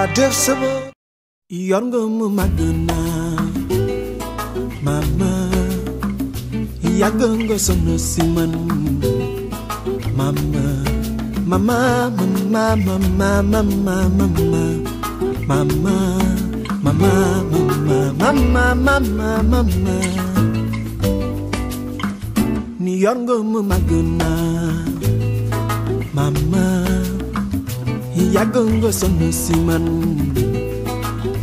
daa def sama mama, nga ma màgg mama mama mama mama mama mama mama mama mama mama mama mama ni yoon nga mama yagongo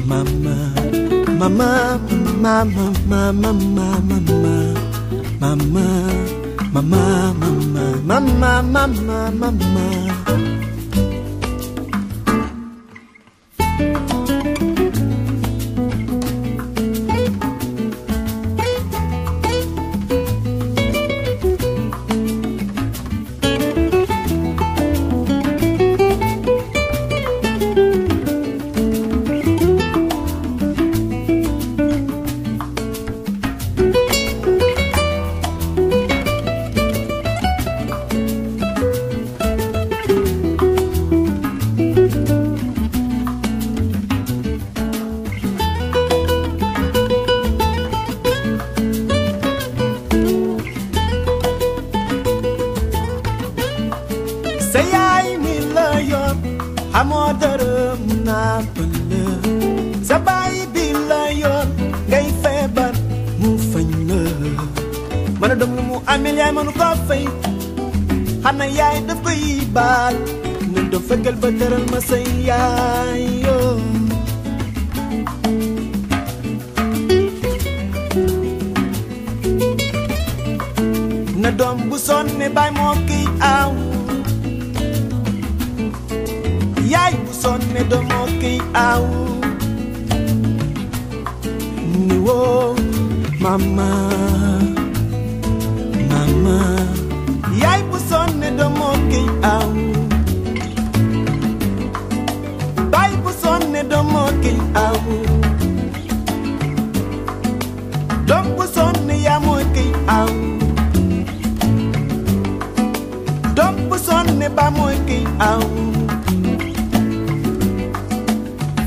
mama, mama, mama mama mama mama mama mama mama mama mama mama mama سياي ميلا يوم حمودر منا بلا سباي بلا يوم غاي فبر مو فنلا مانا دم مو امل ياي مانو كافي حنا ياي دفي بال ندو فكل بتر المسياي يوم na doom bu sonn bay moo kii aw domoki au niwo mama mama yai busonne domoki au bai busonne domoki au dom busonne yamoki au dom busonne bamoki au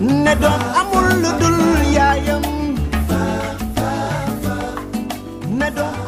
ne doom amul lu dul yaayam ne doom